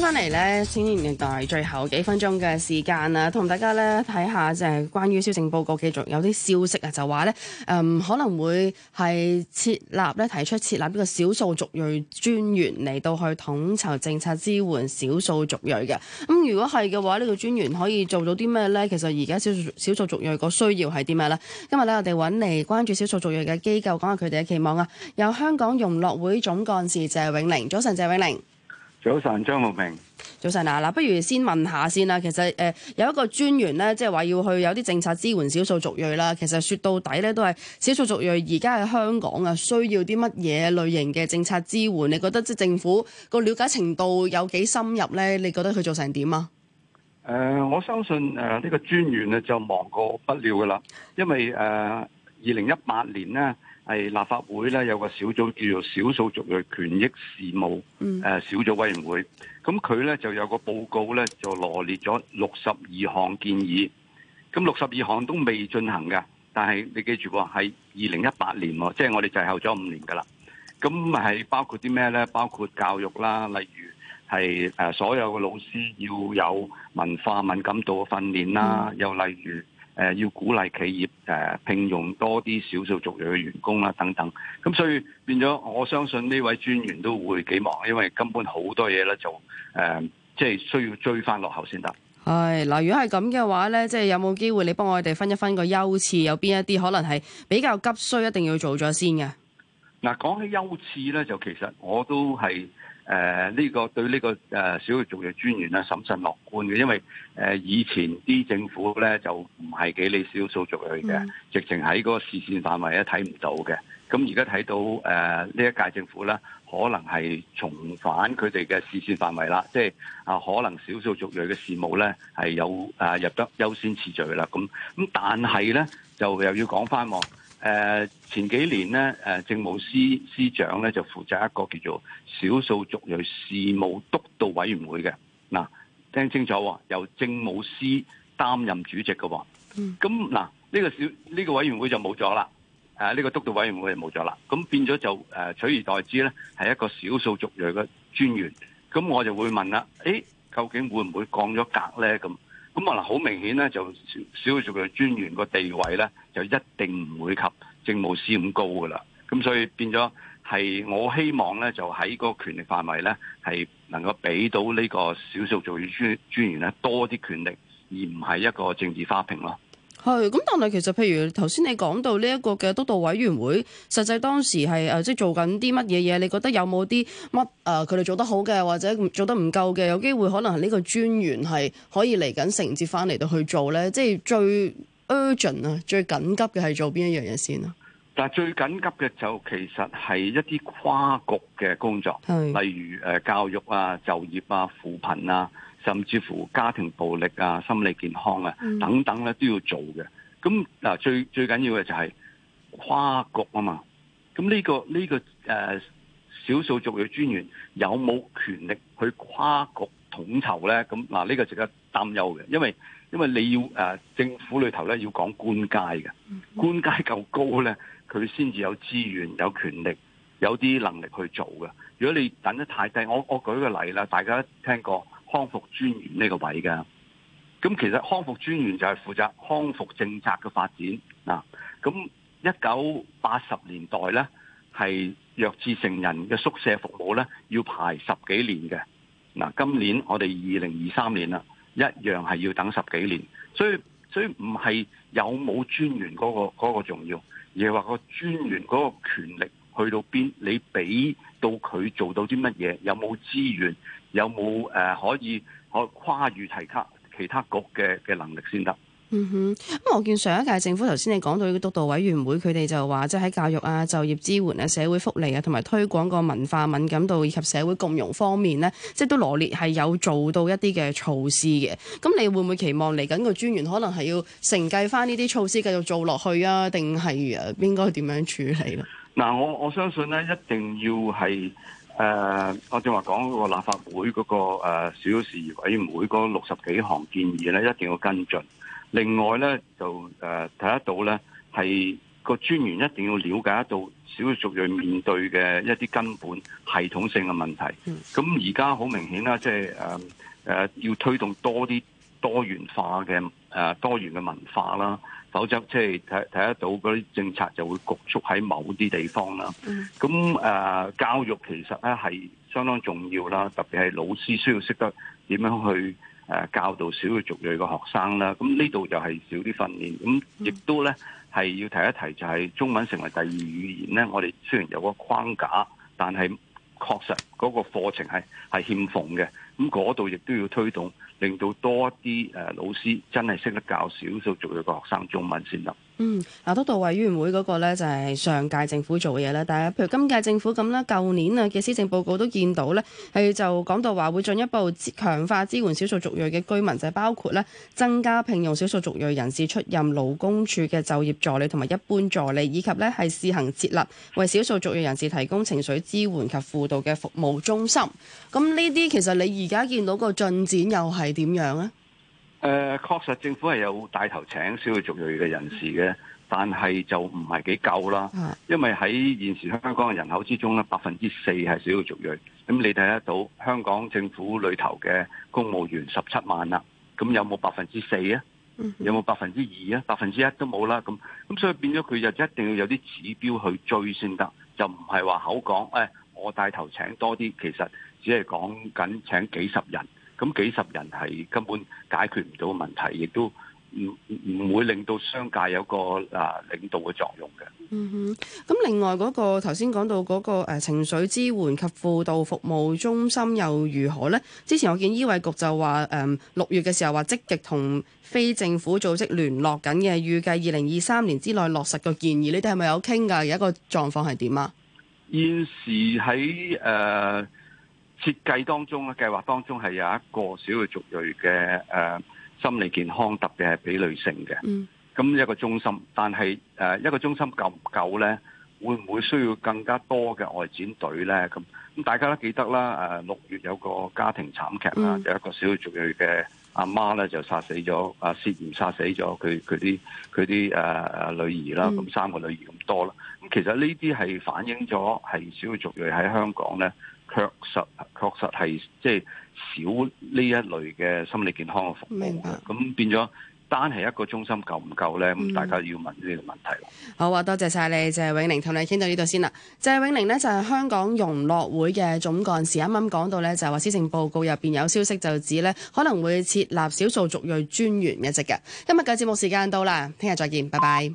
返嚟呢，新聞台最後幾分鐘嘅時間啊，同大家呢睇下就係關於施政報告，繼續有啲消息啊，就話呢，誒可能會係設立呢，提出設立呢個少數族裔專員嚟到去統籌政策支援少數族裔嘅。咁如果係嘅話，呢、呢個專員可以做到啲咩呢？其實而家少少數族裔個需要係啲咩呢？今日呢，我哋揾嚟關注少數族裔嘅機構講下佢哋嘅期望啊。有香港融樂會總幹事謝永齡，早晨，謝永齡。早晨，張慕明。早晨啊，嗱，不如先問下先啦。其實誒、呃，有一個專員咧，即係話要去有啲政策支援少數族裔啦。其實說到底咧，都係少數族裔而家喺香港啊，需要啲乜嘢類型嘅政策支援？你覺得即係政府個了解程度有幾深入咧？你覺得佢做成點啊？誒、呃，我相信誒呢、呃這個專員咧就忙過不了噶啦，因為誒二零一八年咧。係立法會咧，有個小組叫做少數族裔權益事務小組委員會，咁佢咧就有個報告咧，就羅列咗六十二項建議，咁六十二項都未進行嘅，但係你記住喎，係二零一八年喎，即係我哋滯後咗五年㗎啦。咁係包括啲咩咧？包括教育啦，例如係所有嘅老師要有文化敏感度嘅訓練啦、嗯，又例如。誒要鼓勵企業誒聘用多啲少數族裔嘅員工啦，等等。咁所以變咗，我相信呢位專員都會幾忙，因為根本好多嘢要做，誒即係需要追翻落後先得。係嗱，如果係咁嘅話咧，即係有冇機會你幫我哋分一分個優次？有邊一啲可能係比較急需一定要做咗先嘅？嗱，講起優次咧，就其實我都係。誒、呃、呢、這個對呢、這個誒、呃、少數族裔專員咧審慎樂觀嘅，因為誒、呃、以前啲政府咧就唔係幾理少數族裔嘅，直情喺個個視線範圍咧睇唔到嘅。咁而家睇到誒呢、呃、一屆政府咧，可能係重返佢哋嘅視線範圍啦，即係啊可能少數族裔嘅事務咧係有誒、啊、入得優先次序啦。咁咁但係咧就又要講翻喎。誒、呃，前幾年咧，誒、呃，政務司司長咧就負責一個叫做少數族裔事務督導委員會嘅，嗱，聽清楚、哦，由政務司擔任主席嘅、哦，嗯，咁嗱，呢、這個小呢、這個委員會就冇咗啦，誒、啊，呢、這個督導委員會就冇咗啦，咁變咗就誒、呃、取而代之咧係一個少數族裔嘅專員，咁我就會問啦，誒、哎，究竟會唔會降咗格咧咁？咁啊嗱，好明顯咧，就少數族裔專員個地位咧，就一定唔會及政務司咁高噶啦。咁所以變咗係我希望咧，就喺嗰個權力範圍咧，係能夠俾到呢個少數族裔專專員咧多啲權力，而唔係一個政治花瓶咯。係，咁但係其實，譬如頭先你講到呢一個嘅督導委員會，實際當時係誒，即係做緊啲乜嘢嘢？你覺得有冇啲乜誒？呃、佢哋做得好嘅，或者做得唔夠嘅，有機會可能係呢個專員係可以嚟緊承接翻嚟到去做咧？即係最 urgent 啊，最緊急嘅係做邊一樣嘢先啊？但係最緊急嘅就其實係一啲跨局嘅工作，例如誒教育啊、就業啊、扶貧啊。甚至乎家庭暴力啊、心理健康啊等等咧，啊，都要做嘅。咁嗱，啊，最最緊要嘅就係跨局啊嘛。咁呢、這個呢、這個誒、啊，少數族裔專員有冇權力去跨局統籌咧？咁嗱，呢、啊，這個值得擔憂嘅，因為因為你要誒，啊、政府裏頭咧要講官階嘅，官階夠高咧，佢先至有資源、有權力、有啲能力去做嘅。如果你等得太低，我我舉個例啦，大家聽過。康復專員呢個位噶咁其實康復專員就係負責康復政策嘅發展嗱，咁一九八十年代呢係弱智成人嘅宿舍服務咧要排十幾年嘅。嗱今年我哋二零二三年啦，一樣係要等十幾年，所以所以唔係有冇專員嗰個嗰個重要，而係話個專員嗰個權力。去到邊，你俾到佢做到啲乜嘢？有冇資源？有冇誒、呃、可以可以跨越其他其他局嘅嘅能力先得？嗯哼，咁我見上一屆政府頭先你講到呢個督導委員會他們說，佢哋就話即係喺教育啊、就業支援啊、社會福利啊，同埋推廣個文化敏感度以及社會共融方面呢，即係都羅列係有做到一啲嘅措施嘅。咁你會唔會期望嚟緊個專員可能係要承繼翻呢啲措施繼續做落去啊？定係誒應該點樣處理咯？嗱，我我相信咧，一定要係誒，我正話講嗰個立法會嗰個小事業委員會嗰六十幾項建議咧，一定要跟進。另外咧，就誒睇得到咧，係個專員一定要了解得到少數族裔在面對嘅一啲根本系統性嘅問題。咁而家好明顯啦，即係誒誒，要推動多啲。多元化嘅誒、啊、多元嘅文化啦，否則即係睇睇得到嗰啲政策就會局促喺某啲地方啦。咁誒、啊、教育其實咧係相當重要啦，特別係老師需要識得點樣去誒、啊、教導少數族裔嘅學生啦。咁呢度就係少啲訓練，咁亦都咧係要提一提，就係中文成為第二語言咧。我哋雖然有個框架，但係確實嗰個課程係係欠奉嘅。咁嗰度亦都要推動。令到多啲誒老師真係識得教少數弱勢嘅學生中文先啦。嗯，嗱，都到委員會嗰個咧就係上屆政府做嘅嘢啦。但係譬如今屆政府咁啦，舊年啊嘅施政報告都見到咧係就講到話會進一步強化支援少數族裔嘅居民，就係、包括咧增加聘用少數族裔人士出任勞工處嘅就業助理同埋一般助理，以及咧係試行設立為少數族裔人士提供情緒支援及輔導嘅服務中心。咁呢啲其實你而家見到個進展又係點樣呢？誒、呃，確實政府係有帶頭請少數族裔嘅人士嘅、嗯，但係就唔係幾夠啦。因為喺現時香港嘅人口之中咧，百分之四係少數族裔。咁你睇得到香港政府裏頭嘅公務員十七萬啦，咁有冇百分之四啊？有冇百分之二啊？百分之一都冇啦。咁咁所以變咗佢就一定要有啲指標去追先得，就唔係話口講誒、哎，我帶頭請多啲，其實只係講緊請幾十人。咁幾十人係根本解決唔到問題，亦都唔唔會令到商界有個嗱領導嘅作用嘅。嗯哼，咁另外嗰個頭先講到嗰個誒情緒支援及輔導服務中心又如何呢？之前我見醫衞局就話誒，六月嘅時候話積極同非政府組織聯絡緊嘅，預計二零二三年之內落實個建議，你哋係咪有傾噶？有一個狀況係點啊？現時喺誒。呃設計當中咧，計劃當中係有一個少數族裔嘅誒心理健康，特別係俾女性嘅。咁、嗯、一個中心，但係誒一個中心夠唔夠咧？會唔會需要更加多嘅外展隊咧？咁咁大家都記得啦。誒六月有個家庭慘劇啦，嗯，有一個少數族裔嘅阿媽咧就殺死咗，啊涉嫌殺死咗佢佢啲佢啲誒女兒啦。咁、嗯、三個女兒咁多啦。咁其實呢啲係反映咗係少數族裔喺香港咧。確實確實係即係少呢一類嘅心理健康嘅服務嘅，咁變咗單係一個中心夠唔夠呢？咁、嗯、大家要問呢個問題。好啊，多謝晒你，謝永齡，同你傾到呢度先啦。謝永齡呢，就係香港融樂會嘅總幹事。啱啱講到呢，就係話，施政報告入邊有消息就指咧可能會設立少數族裔專員一職嘅。今日嘅節目時間到啦，聽日再見，拜拜。